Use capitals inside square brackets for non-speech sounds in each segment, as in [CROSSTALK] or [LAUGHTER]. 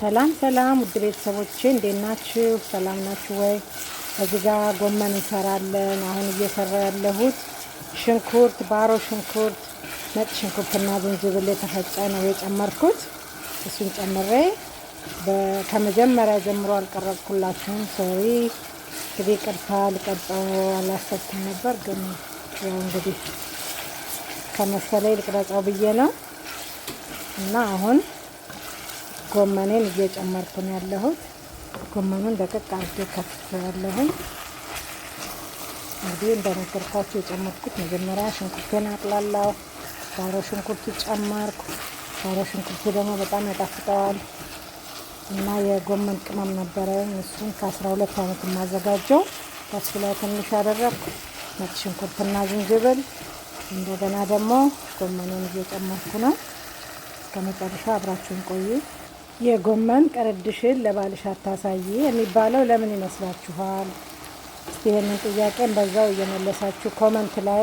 ሰላም ሰላም፣ ውድ ቤተሰቦቼ እንዴት ናችሁ? ሰላም ናችሁ ወይ? እዚህ ጋ ጎመን እንሰራለን። አሁን እየሰራ ያለሁት ሽንኩርት፣ ባሮ ሽንኩርት፣ ነጭ ሽንኩርትና ዝንጅብል የተፈጨ ነው የጨመርኩት። እሱን ጨምሬ ከመጀመሪያ ጀምሮ አልቀረጽኩላችሁም። ሶሪ እንግዲህ ቅርታ ልቀርጸው አላሰብኩም ነበር፣ ግን ያው እንግዲህ ከመሰለኝ ልቅረጸው ብዬ ነው እና አሁን ጎመኔን እየጨመርኩ ነው ያለሁት። ጎመኑን ደቀቅ አድርጌ ያለሁን እንግዲህ እንደነገርኳችሁ የጨመርኩት መጀመሪያ ሽንኩርቴን አቅላላሁ፣ ባሮ ሽንኩርቱ ጨመርኩ። ባሮ ሽንኩርቱ ደግሞ በጣም ያጣፍጠዋል እና የጎመን ቅመም ነበረ። እሱን ከአስራ ሁለት አመት የማዘጋጀው ከሱ ላይ ትንሽ ያደረግኩ ነጭ ሽንኩርትና ዝንጅብል እንደገና ደግሞ ጎመኑን እየጨመርኩ ነው። እስከ መጨረሻ አብራችሁን ቆዩ። የጎመን ቅርድሽን ለባልሽ አታሳይ የሚባለው ለምን ይመስላችኋል? ይህንን ጥያቄን በዛው እየመለሳችሁ ኮመንት ላይ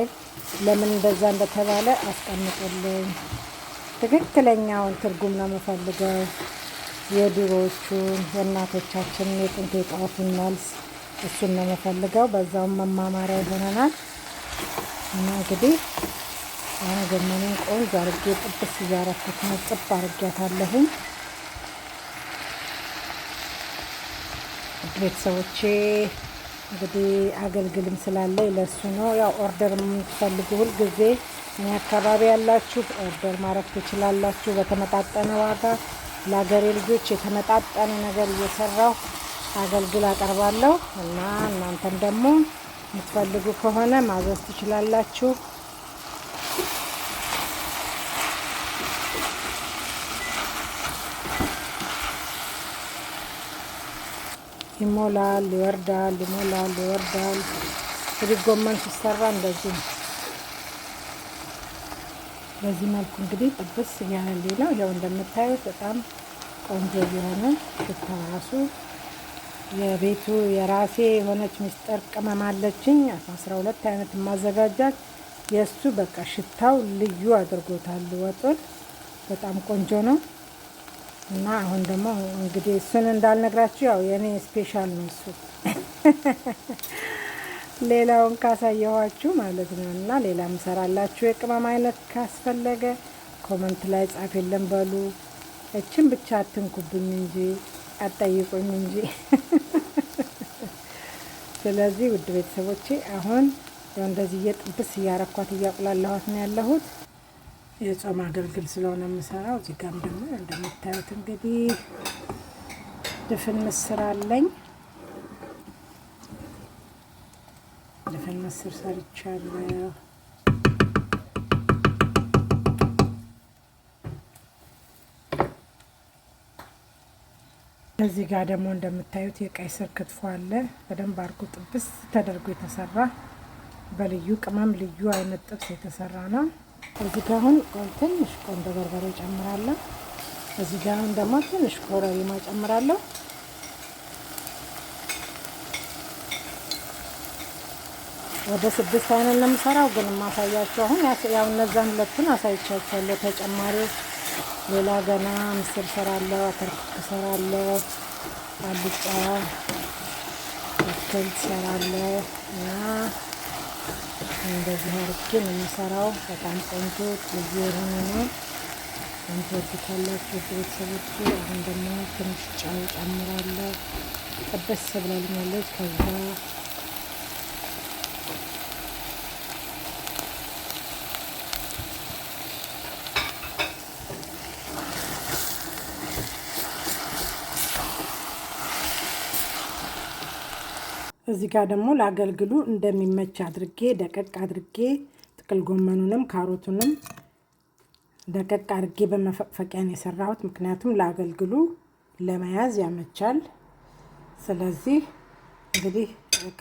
ለምን እንደዛ እንደተባለ አስቀምጡልኝ። ትክክለኛውን ትርጉም ነው የምፈልገው። የድሮዎቹን የእናቶቻችንን የጥንት የጣፉን መልስ እሱን ነው የምፈልገው። በዛውም መማማሪያ ይሆነናል እና እንግዲህ አሁን ጎመኑን ቆንጆ አርጌ ጥብስ እያረኩት ነው። ጥብ አርጌያታለሁኝ። ቤተሰቦቼ እንግዲህ አገልግልም ስላለ ለሱ ነው። ያው ኦርደር የምትፈልጉ ሁልጊዜ እኔ አካባቢ ያላችሁ ኦርደር ማድረግ ትችላላችሁ። በተመጣጠነ ዋጋ ለሀገሬ ልጆች የተመጣጠነ ነገር እየሰራው አገልግል አቀርባለሁ እና እናንተም ደግሞ የምትፈልጉ ከሆነ ማዘዝ ትችላላችሁ። ይሞላል፣ ይወርዳል፣ ይሞላል፣ ይወርዳል። እንግዲህ ጎመን ሲሰራ እንደዚህ ነው። በዚህ መልኩ እንግዲህ ጥብስ እያለልኝ ነው። ያው እንደምታዩት በጣም ቆንጆ የሆነ ሽታ ራሱ የቤቱ የራሴ የሆነች ምስጢር ቅመም አለችኝ አስራ ሁለት አይነት የማዘጋጃት የእሱ በቃ ሽታው ልዩ አድርጎታል። ወጡን በጣም ቆንጆ ነው። እና አሁን ደግሞ እንግዲህ እሱን እንዳልነግራችሁ ያው የእኔ ስፔሻል ነው እሱ [LAUGHS] ሌላውን ካሳየኋችሁ ማለት ነው። እና ሌላ ምሰራላችሁ የቅመም አይነት ካስፈለገ ኮመንት ላይ ጻፍ የለም በሉ። እችን ብቻ አትንኩብኝ እንጂ አጠይቁኝ እንጂ። [LAUGHS] ስለዚህ ውድ ቤተሰቦቼ አሁን እንደዚህ እየጥብስ እያረኳት እያቁላለኋት ነው ያለሁት። የጾም አገልግል ስለሆነ የምሰራው። እዚህ ጋም ደግሞ እንደምታዩት እንግዲህ ድፍን ምስር አለኝ። ድፍን ምስር ሰርቻለሁ። እዚህ ጋር ደግሞ እንደምታዩት የቀይ ስር ክትፎ አለ። በደንብ አርጎ ጥብስ ተደርጎ የተሰራ በልዩ ቅመም ልዩ አይነት ጥብስ የተሰራ ነው። እዚህ ጋ አሁን ትንሽ ቆንጆ በርበሬ ጨምራለሁ። እዚህ ጋ አሁን ደግሞ ትንሽ ኮረሪማ ጨምራለሁ። ወደ ስድስት አይነት ነው የምሰራው፣ ግን የማሳያቸው አሁን ያው እነዛን ሁለቱን አሳይቻቸዋለሁ። ተጨማሪ ሌላ ገና ምስር ሰራለሁ፣ አተርክክ ሰራለሁ፣ አልጫ አትክልት ሰራለሁ እና እንደዚህ አድርጌ ነው የምሰራው። በጣም ቆንጆ ልዩ የሆነ ነው። የምትወዱታላችሁ ቤተሰቦች። አሁን ደግሞ ትንሽ ጨው ጨምራለሁ። ብላልኛለች ከዛ እዚህ ጋር ደግሞ ለአገልግሉ እንደሚመች አድርጌ ደቀቅ አድርጌ ጥቅል ጎመኑንም ካሮቱንም ደቀቅ አድርጌ በመፈቅፈቂያ የሰራሁት። ምክንያቱም ለአገልግሉ ለመያዝ ያመቻል። ስለዚህ እንግዲህ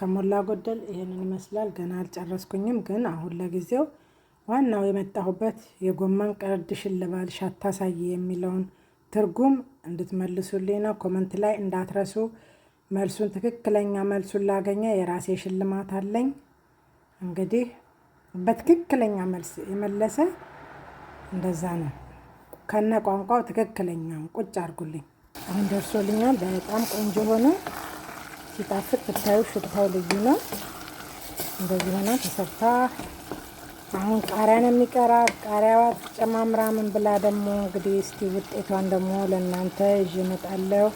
ከሞላ ጎደል ይህንን ይመስላል። ገና አልጨረስኩኝም፣ ግን አሁን ለጊዜው ዋናው የመጣሁበት የጎመን ቀርድሽን ሽልባል ሻታሳይ የሚለውን ትርጉም እንድትመልሱልኝ ነው። ኮመንት ላይ እንዳትረሱ። መልሱን ትክክለኛ መልሱን ላገኘ የራሴ ሽልማት አለኝ። እንግዲህ በትክክለኛ መልስ የመለሰ እንደዛ ነው። ከነ ቋንቋው ትክክለኛውን ቁጭ አድርጉልኝ። አሁን ደርሶልኛል። በጣም ቆንጆ ሆነ። ሲጣፍጥ ብታዩ ሽታው ልዩ ነው። እንደዚህ ሆና ተሰርታ አሁን ቃሪያ ነው የሚቀራ። ቃሪያዋ ጨማምራ ምን ብላ ደግሞ እንግዲህ እስቲ ውጤቷን ደግሞ ለእናንተ ይዤ እመጣለሁ።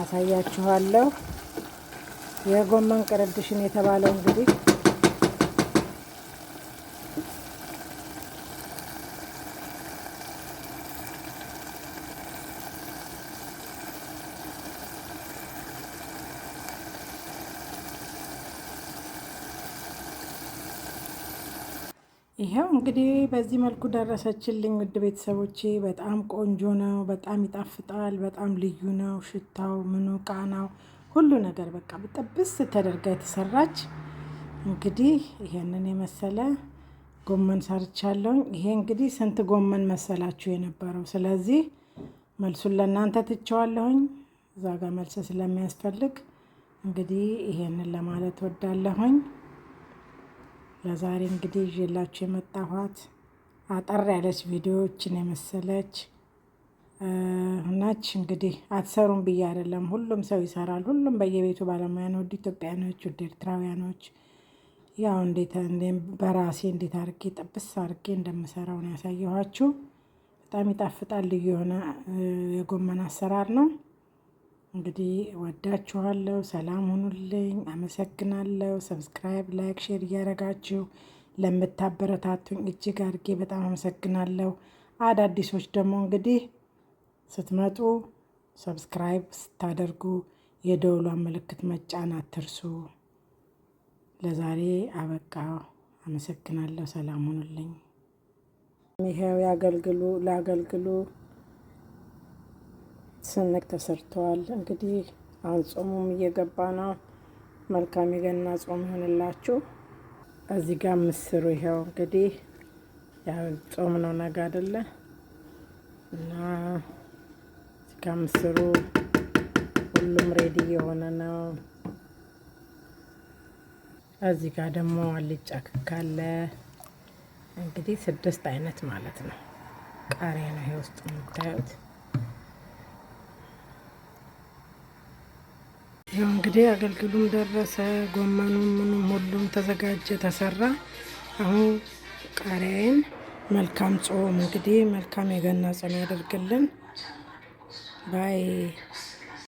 አሳያችኋለሁ። የጎመን ቅርድሽን የተባለው እንግዲህ ይኸው እንግዲህ በዚህ መልኩ ደረሰችልኝ ውድ ቤተሰቦቼ። በጣም ቆንጆ ነው፣ በጣም ይጣፍጣል፣ በጣም ልዩ ነው ሽታው፣ ምኑ፣ ቃናው፣ ሁሉ ነገር በቃ በጥብስ ተደርጋ የተሰራች እንግዲህ ይሄንን የመሰለ ጎመን ሰርቻለሁኝ። ይሄ እንግዲህ ስንት ጎመን መሰላችሁ የነበረው? ስለዚህ መልሱን ለእናንተ ትቸዋለሁኝ። እዛ ጋር መልስ ስለሚያስፈልግ እንግዲህ ይሄንን ለማለት ወዳለሁኝ። ለዛሬ እንግዲህ ይዤላችሁ የመጣኋት አጠር ያለች ቪዲዮዎችን የመሰለች ናች እንግዲህ አትሰሩም ብዬ አይደለም። ሁሉም ሰው ይሰራል። ሁሉም በየቤቱ ባለሙያ ነው። ወደ ኢትዮጵያኖች፣ ወደ ኤርትራውያኖች ያው እንዴት በራሴ እንዴት አርጌ ጥብስ አርጌ እንደምሰራው ነው ያሳየኋችሁ። በጣም ይጣፍጣል። ልዩ የሆነ የጎመን አሰራር ነው። እንግዲህ ወዳችኋለሁ። ሰላም ሁኑልኝ። አመሰግናለሁ። ሰብስክራይብ፣ ላይክ፣ ሼር እያደረጋችሁ ለምታበረታቱኝ እጅግ አድርጌ በጣም አመሰግናለሁ። አዳዲሶች ደግሞ እንግዲህ ስትመጡ ሰብስክራይብ ስታደርጉ የደውሏን ምልክት መጫን አትርሱ። ለዛሬ አበቃ። አመሰግናለሁ። ሰላም ሁኑልኝ። ይኸው ያገልግሉ ላገልግሉ ስንቅ ተሰርተዋል። እንግዲህ አሁን ጾሙም እየገባ ነው። መልካም የገና ጾም ይሆንላችሁ። እዚህ ጋር ምስሩ ይኸው እንግዲህ ያው ጾም ነው ነገ አይደለ እና እዚህ ጋር ምስሩ ሁሉም ሬዲ የሆነ ነው። እዚህ ጋር ደግሞ አልጫ ክካለ እንግዲህ ስድስት አይነት ማለት ነው። ቃሪያ ነው ይሄ ውስጥ የምታዩት ያው እንግዲህ አገልግሉም ደረሰ፣ ጎመኑም ምኑም ሁሉም ተዘጋጀ፣ ተሰራ። አሁን ቃሪያዬን መልካም ጾም እንግዲህ መልካም የገና ጾም ያደርግልን ባይ